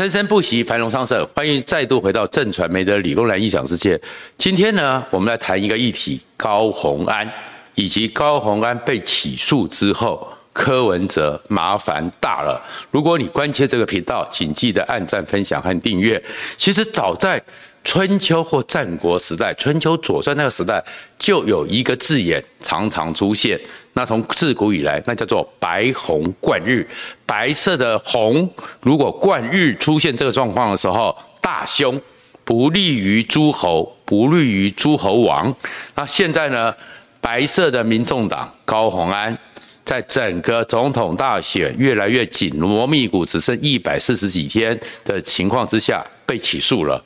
生生不息，繁榮昌盛。歡迎再度回到震傳媒的理工男異想世界。今天呢，我們來談一個議題：高虹安以及高虹安被起訴之後，柯文哲麻煩大了。如果你關切這個頻道，請記得按讚、分享和訂閱。其實早在春秋或戰國時代，春秋《左傳》那個時代，就有一個字眼常常出現。那從自古以來，那叫做白虹貫日，白色的虹，如果貫日出現這個狀況的時候，大凶，不利於諸侯，不利於諸侯王。那現在呢，白色的民眾黨高虹安，在整個總統大選越來越緊鑼密鼓，只剩一百四十幾天的情況之下，被起訴了。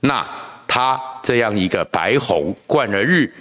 那他這樣一個白虹貫日，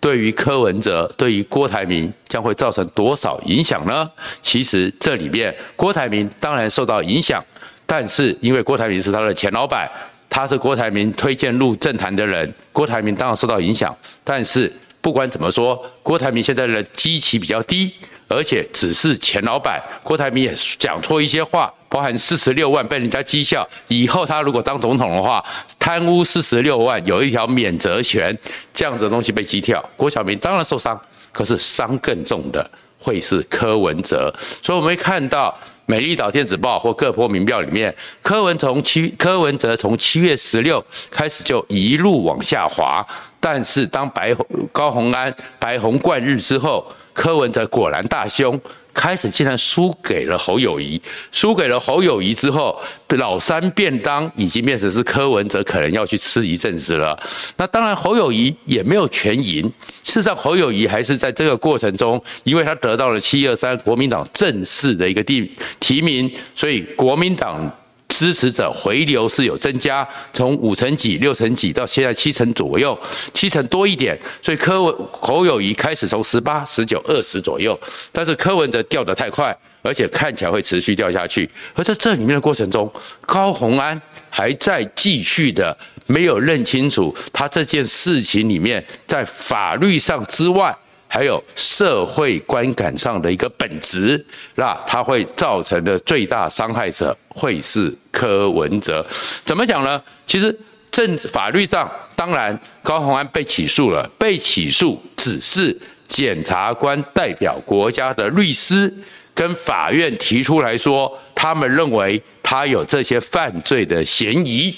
對於柯文哲，對於郭台銘。將會造成多少影響呢？其實這裡面，郭台銘當然受到影響，但是因為郭台銘是他的前老闆，他是郭台銘推薦入政壇的人，郭台銘當然受到影響。但是不管怎麼說，郭台銘現在的基期比較低，而且只是前老闆。郭台銘也講錯一些話，包含四十六萬被人家譏笑，以後他如果當總統的話，貪污四十六萬有一條免責權，這樣子的東西被擊跳。郭台銘當然受傷。可是傷更重的會是柯文哲，所以我們會看到美麗島電子報或各波民調裡面，柯文從七，柯文哲從七月十六開始就一路往下滑，但是當白高虹安、白虹貫日之後，柯文哲果然大凶。開始竟然輸給了侯友宜，輸給了侯友宜之後，老三便當已經變成是柯文哲可能要去吃一陣子了。那當然，侯友宜也沒有全贏，事實上，侯友宜還是在這個過程中，因為他得到了七二三國民黨正式的一個提提名，所以國民黨。支持者回流是有增加，從五成幾、六成幾到現在七成左右，七成多一點。所以柯文侯友宜開始從十八、十九、二十左右，但是柯文哲掉得太快，而且看起來會持續掉下去。而在這裡面的過程中，高虹安還在繼續的沒有認清楚他這件事情裡面在法律上之外。還有社會觀感上的一個本質，那它會造成的最大傷害者會是柯文哲。怎麼講呢？其實政治法律上，當然高虹安被起訴了，被起訴只是檢察官代表國家的律師跟法院提出來說，他們認為他有這些犯罪的嫌疑。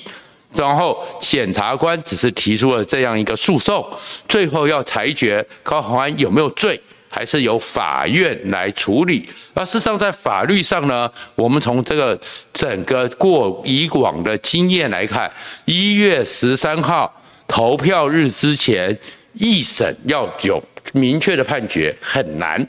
然後檢察官只是提出了這樣一個訴訟，最後要裁決高虹安有沒有罪，還是由法院來處理。而事實上，在法律上呢，我們從這個整個過以往的經驗來看，一月十三號投票日之前，一審要有明確的判決很難。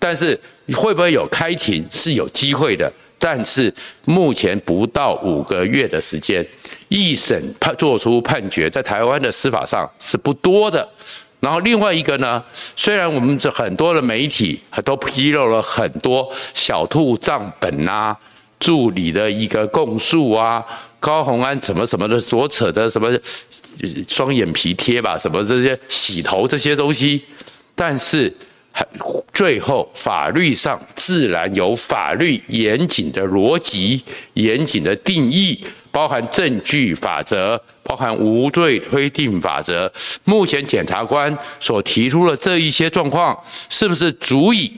但是會不會有開庭是有機會的？但是目前不到五個月的時間。一審判做出判決，在台灣的司法上是不多的。然後另外一個呢，雖然我們這很多的媒體都披露了很多小兔賬本吶、啊、助理的一個供述啊、高虹安怎麼什麼的所扯的什麼雙眼皮貼吧、什麼這些洗頭這些東西，但是最後法律上自然有法律嚴謹的邏輯、嚴謹的定義。包含證據法則，包含無罪推定法則。目前檢察官所提出的這一些狀況，是不是足以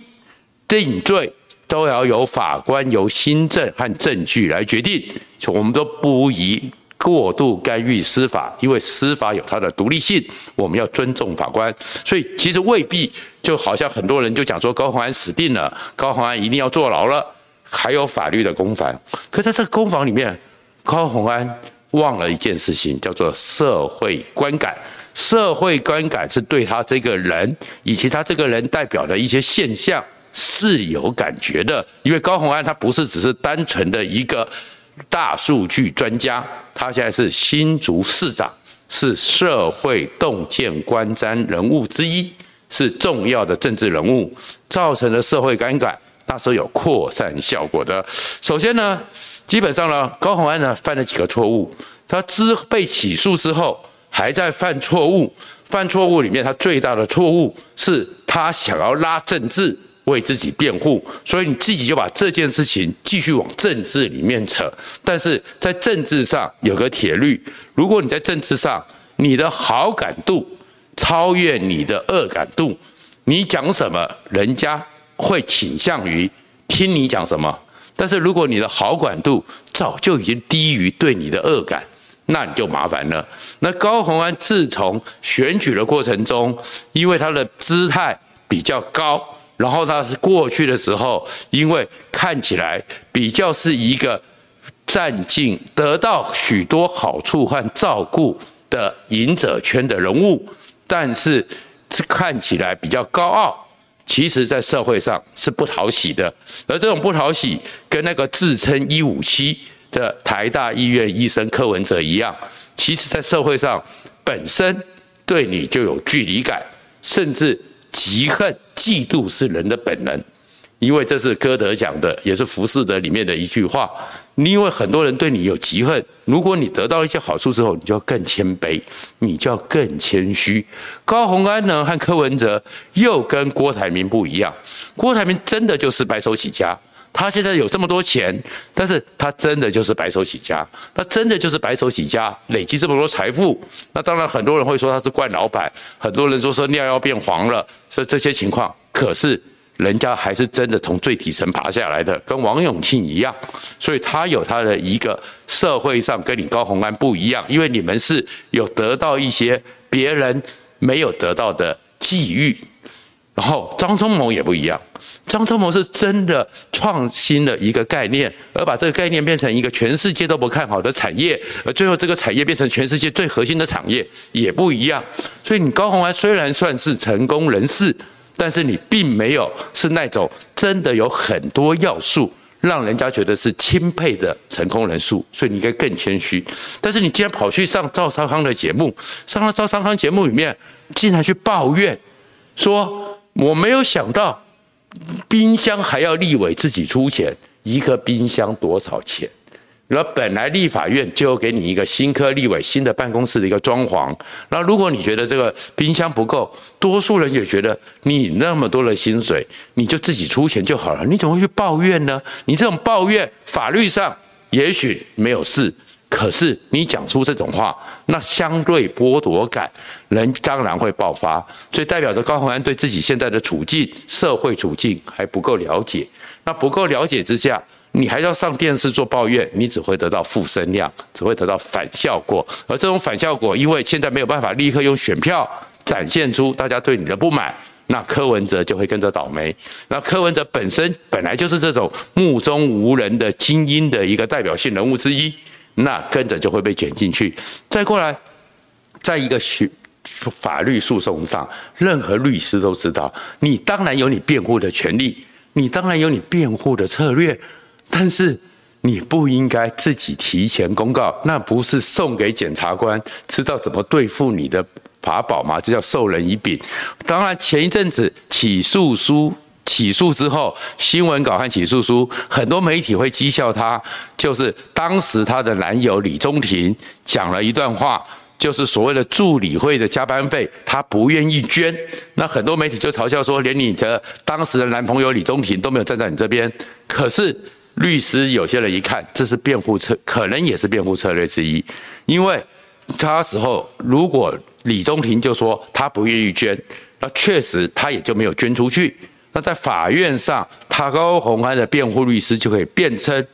定罪，都要由法官由心證和證據來決定。所以我們都不宜過度干預司法，因為司法有它的獨立性，我們要尊重法官。所以其實未必就好像很多人就講說高虹安死定了，高虹安一定要坐牢了，還有法律的攻防。可在這個攻防裡面。高虹安忘了一件事情，叫做社會觀感。社會觀感是對他這個人以及他這個人代表的一些現象是有感覺的。因為高虹安他不是只是單純的一個大數據專家，他現在是新竹市長，是社會動見觀瞻人物之一，是重要的政治人物，造成了社會觀感，感，那時候有擴散效果的。首先呢。基本上呢，高虹安呢犯了幾個錯誤。他之被起訴之後，還在犯錯誤。犯錯誤裡面，他最大的錯誤是他想要拉政治為自己辯護，所以你自己就把這件事情繼續往政治裡面扯。但是在政治上有個鐵律：如果你在政治上你的好感度超越你的惡感度，你講什麼，人家會傾向於聽你講什麼。但是，如果你的好感度早就已經低於對你的惡感，那你就麻煩了。那高虹安自從選舉的過程中，因為他的姿態比較高，然後他是過去的時候，因為看起來比較是一個佔盡得到許多好處和照顧的贏者圈的人物，但是是看起來比較高傲。其實，在社會上是不討喜的，而這種不討喜，跟那個自稱“一五七”的台大醫院醫生柯文哲一樣，其實，在社會上本身對你就有距離感，甚至嫉恨、嫉妒是人的本能。因為這是歌德講的，也是浮士德裡面的一句話。因為很多人對你有嫉恨，如果你得到一些好處之後，你就要更謙卑，你就要更謙虛。高虹安呢，和柯文哲又跟郭台銘不一樣。郭台銘真的就是白手起家，他現在有這麼多錢，但是他真的就是白手起家，他真的就是白手起家，起家累積這麼多財富，那當然很多人會說他是慣老板，很多人說說尿要變黃了，所以這些情況，可是，人家還是真的從最底層爬下來的，跟王永慶一樣，所以他有他的一個社會上跟你高虹安不一樣，因為你們是有得到一些別人沒有得到的際遇，然後張忠謀也不一樣，張忠謀是真的創新了一個概念，而把這個概念變成一個全世界都不看好的產業，而最後這個產業變成全世界最核心的產業，也不一樣，所以你高虹安雖然算是成功人士。但是你並沒有是那種真的有很多要素讓人家覺得是欽佩的成功人數，所以你應該更謙虛。但是你竟然跑去上趙少康的節目，上了趙少康節目裡面，竟然去抱怨，說我沒有想到冰箱還要立委自己出錢，一個冰箱多少錢？那本來立法院就要給你一個新科立委新的辦公室的一個裝潢。那如果你覺得這個冰箱不夠，多數人也覺得你那麼多的薪水，你就自己出錢就好了。你怎麼會去抱怨呢？你這種抱怨，法律上也許沒有事，可是你講出這種話，那相對剝奪感，人當然會爆發。所以代表着高虹安對自己現在的處境、社會處境還不夠了解。那不夠了解之下。你還要上電視做抱怨，你只會得到負聲量，只會得到反效果。而這種反效果，因為現在沒有辦法立刻用選票展現出大家對你的不滿，那柯文哲就會跟着倒霉。那柯文哲本身本來就是這種目中無人的精英的一個代表性人物之一，那跟着就會被捲進去。再過來，在一個訴法律訴訟上，任何律師都知道，你當然有你辯護的權利，你當然有你辯護的策略。但是你不應該自己提前公告，那不是送給檢察官知道怎麼對付你的法寶嗎？這叫授人以柄。當然，前一陣子起訴書起訴之後，新聞稿和起訴書很多媒體會譏笑她，就是當時她的男友李忠庭講了一段話，就是所謂的助理會的加班費，她不願意捐。那很多媒體就嘲笑說，連你的當時的男朋友李忠庭都沒有站在你這邊，可是。律師有些人一看，這是辯護策，可能也是辯護策略之一，因為他時候如果李中廷就說他不願意捐，那確實他也就沒有捐出去。那在法院上，他高虹安的辯護律師就可以辯稱，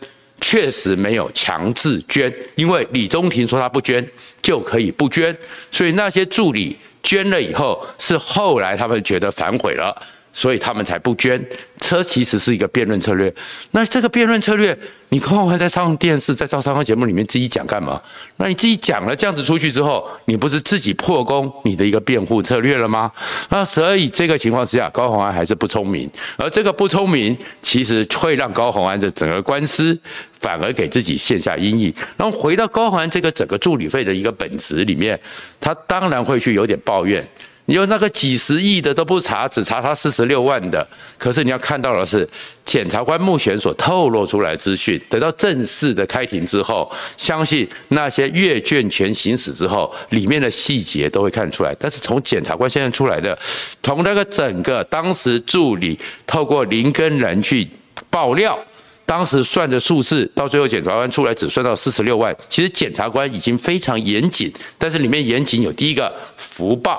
確實沒有強制捐，因為李中廷說他不捐就可以不捐。所以那些助理捐了以後，是後來他們覺得反悔了。所以他們才不捐車，其實是一個辯論策略。那這個辯論策略，你高虹安在上電視、在上上檔節目裡面自己講幹嘛？那你自己講了這樣子出去之後，你不是自己破功你的一個辯護策略了嗎？那所以這個情況之下，高虹安還是不聰明，而這個不聰明，其實會讓高虹安的整個官司反而給自己卸下陰影。那麼回到高虹安這個整個助理費的一個本質裡面，他當然會去有點抱怨。你有那個幾十億的都不查，只查他四十六萬的。可是你要看到的是，檢察官目前所透露出來資訊，等到正式的開庭之後，相信那些閱卷權行使之後，裡面的細節都會看出來。但是從檢察官現在出來的，從那個整個當時助理透過林耕仁去爆料，當時算的數字，到最後檢察官出來只算到四十六萬。其實檢察官已經非常嚴謹，但是裡面嚴謹有第一個福報。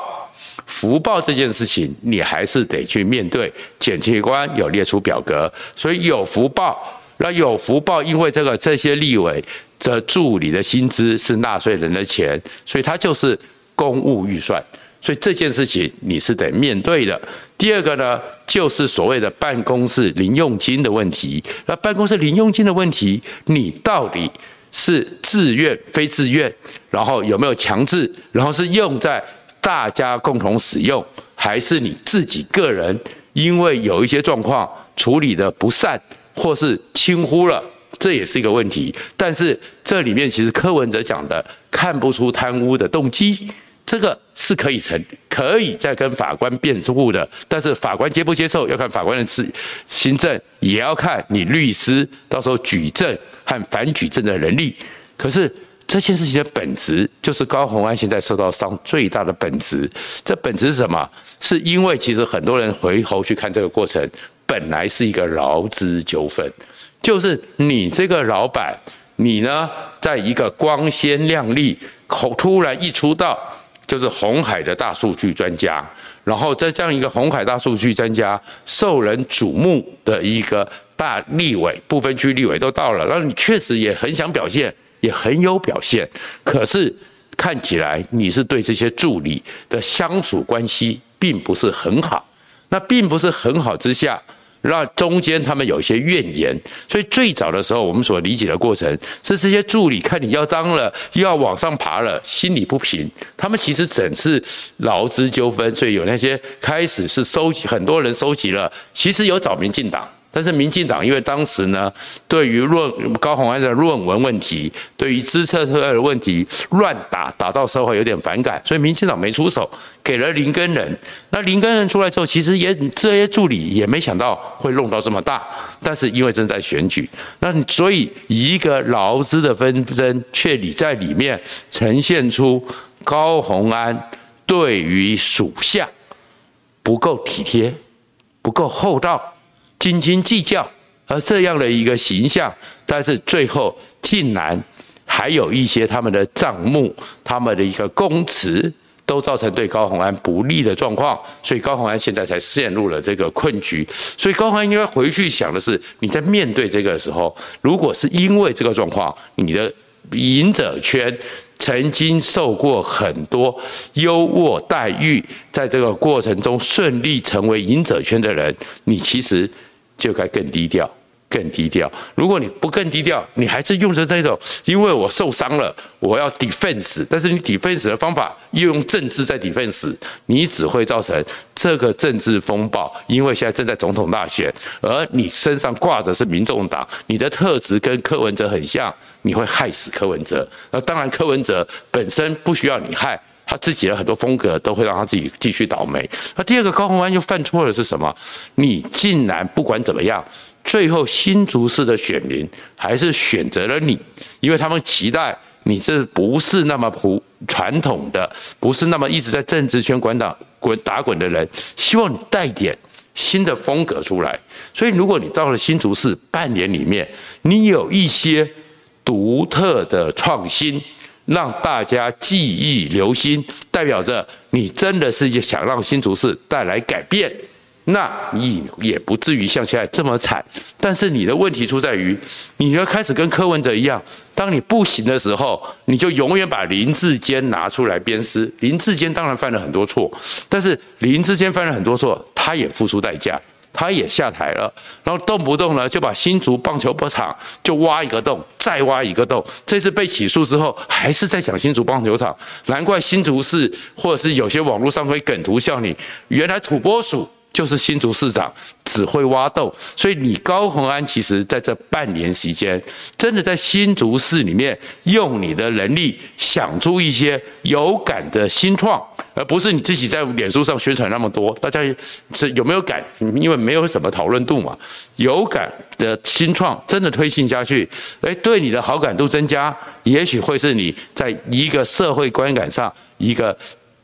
福報這件事情，你還是得去面對。檢察官有列出表格，所以有福報。那有福報，因為這個這些立委的助理的薪資是納稅人的錢，所以它就是公務預算。所以這件事情你是得面對的。第二個呢，就是所謂的辦公室零用金的問題。那辦公室零用金的問題，你到底是自願非自願，然後有沒有強制，然後是用在大家共同使用，還是你自己個人？因為有一些狀況處理得不善，或是輕忽了，這也是一個問題。但是這裡面其實柯文哲講的看不出貪污的動機，這個是可以成，可以再跟法官辯護的。但是法官接不接受，要看法官的自由心證，也要看你律師到時候舉證和反舉證的能力。可是。這些事情的本質，就是高虹安現在受到傷最大的本質。這本質是什麼？是因為其實很多人回頭去看這個過程，本來是一個勞資糾紛，就是你這個老闆，你呢，在一個光鮮亮麗，突然一出道，就是紅海的大數據專家，然後在這樣一個紅海大數據專家受人矚目的一個大立委，不分區立委都到了，那你確實也很想表現。也很有表現，可是看起來你是對這些助理的相處關係並不是很好。那並不是很好之下，那中間他們有一些怨言，所以最早的時候我們所理解的過程是這些助理看你要當了，又要往上爬了，心裡不平。他們其實整是勞資糾紛，所以有那些開始是收集，很多人收集了，其實有找民進黨。但是民進黨因為當時呢，對於論高虹安的論文問題，對於資策會的問題亂打，打到社會有點反感，所以民進黨沒出手，給了林根仁。那林根仁出來之後，其實也這些助理也沒想到會弄到這麼大，但是因為正在選舉，那所以，以一個勞資的紛爭，卻里在裡面呈現出高虹安對於屬下不夠體貼，不夠厚道。斤斤計較，而這樣的一個形象，但是最後竟然還有一些他們的賬目，他們的一個供詞，都造成對高虹安不利的狀況，所以高虹安現在才陷入了這個困局。所以高虹安應該回去想的是，你在面對這個時候，如果是因為這個狀況，你的贏者圈曾經受過很多優渥待遇，在這個過程中順利成為贏者圈的人，你其實。就該更低調，更低調。如果你不更低調，你還是用着那種，因為我受傷了，我要 defense。但是你 defense 的方法又用政治在 defense，你只會造成這個政治風暴。因為現在正在總統大選，而你身上掛的是民眾黨，你的特質跟柯文哲很像，你會害死柯文哲。那當然，柯文哲本身不需要你害。他自己的很多風格都會讓他自己繼續倒霉。那第二個高虹安又犯錯了是什麼？你竟然不管怎麼樣，最後新竹市的選民還是選擇了你，因為他們期待你這不是那麼普傳統的，不是那麼一直在政治圈滾打滾的人，希望你帶點新的風格出來。所以，如果你到了新竹市半年裡面，你有一些獨特的創新。讓大家記憶猶新，代表着你真的是想讓新竹市帶來改變，那你也不至於像現在這麼慘。但是你的問題出在於，你要開始跟柯文哲一樣，當你不行的時候，你就永遠把林智堅拿出來鞭屍。林智堅當然犯了很多錯，但是林智堅犯了很多錯，他也付出代價。他也下台了，然後動不動呢就把新竹棒球場就挖一個洞，再挖一個洞。這次被起訴之後，還是在講新竹棒球場。難怪新竹市或者是有些網絡上會梗圖笑你，原來土撥鼠。就是新竹市長只會挖豆，所以你高虹安其實在這半年時間，真的在新竹市裡面用你的能力想出一些有感的新創，而不是你自己在臉書上宣傳那麼多，大家是有沒有感？因為沒有什麼討論度嘛。有感的新創真的推行下去，哎，對你的好感度增加，也許會是你在一個社會觀感上一個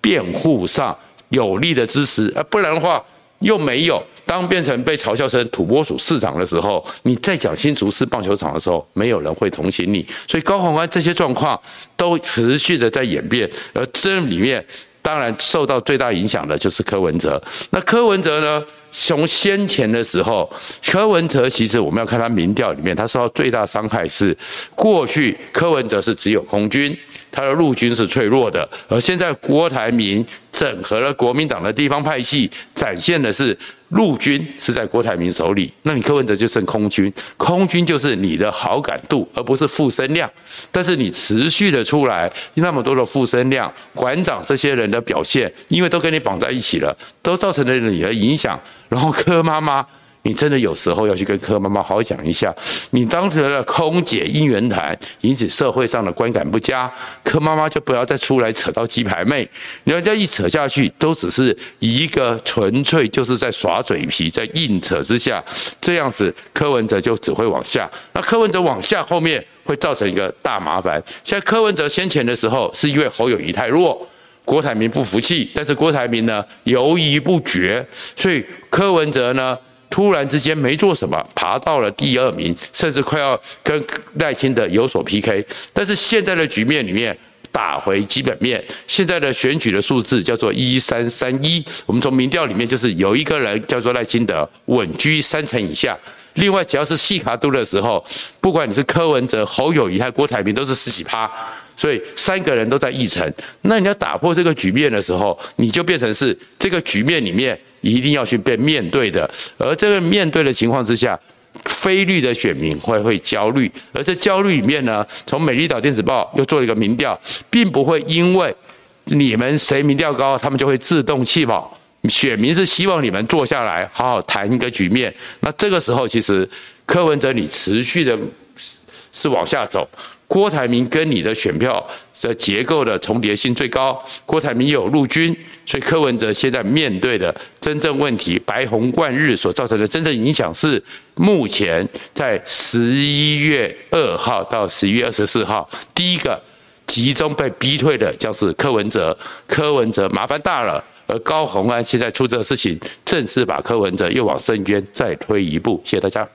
辯護上有力的支持，啊，不然的話。又沒有，當變成被嘲笑成土撥鼠市長的時候，你再講新竹市棒球場的時候，沒有人會同情你。所以高虹安這些狀況都持續的在演變，而這裡面當然受到最大影響的就是柯文哲。那柯文哲呢？從先前的時候，柯文哲其實我們要看他民調裡面，他受到最大傷害是過去柯文哲是只有空軍，他的陸軍是脆弱的，而現在郭台銘整合了國民黨的地方派系，展現的是陸軍是在郭台銘手裡，那你柯文哲就剩空軍，空軍就是你的好感度，而不是負聲量。但是你持續的出來那麼多的負聲量，館長這些人的表現，因為都跟你綁在一起了，都造成了你的影響。然後柯媽媽，你真的有時候要去跟柯媽媽好好講一下，你當時的空姐姻緣談，引起社會上的觀感不佳，柯媽媽就不要再出來扯到雞排妹，人家一扯下去，都只是一個純粹就是在耍嘴皮，在硬扯之下，這樣子柯文哲就只會往下。那柯文哲往下後面會造成一個大麻煩。像柯文哲先前的時候，是因為侯友宜太弱。郭台銘不服氣，但是郭台銘呢，猶豫不決，所以柯文哲呢，突然之間沒做什麼，爬到了第二名，甚至快要跟賴清德有所 PK。但是現在的局面裡面，打回基本面，現在的選舉的數字叫做一三三一，我們從民調裡面就是有一個人叫做賴清德穩居三成以下。另外只要是四腳督的時候，不管你是柯文哲、侯友宜還是郭台銘，都是十幾趴。所以三個人都在議程，那你要打破這個局面的時候，你就變成是這個局面裡面一定要去被面對的。而這個面對的情況之下，非綠的選民會會焦慮，而在焦慮裡面呢，從美麗島電子報又做了一個民調，並不會因為你們誰民調高，他們就會自動棄保。選民是希望你們坐下來好好談一個局面。那這個時候，其實柯文哲你持續的是往下走。郭台銘跟你的選票的結構的重疊性最高，郭台銘有陸軍，所以柯文哲現在面對的真正問題，白虹貫日所造成的真正影響是，目前在十一月二號到十一月二十四號，第一個集中被逼退的將是柯文哲，柯文哲麻煩大了，而高虹安現在出這事情，正式把柯文哲又往深淵再推一步，謝謝大家。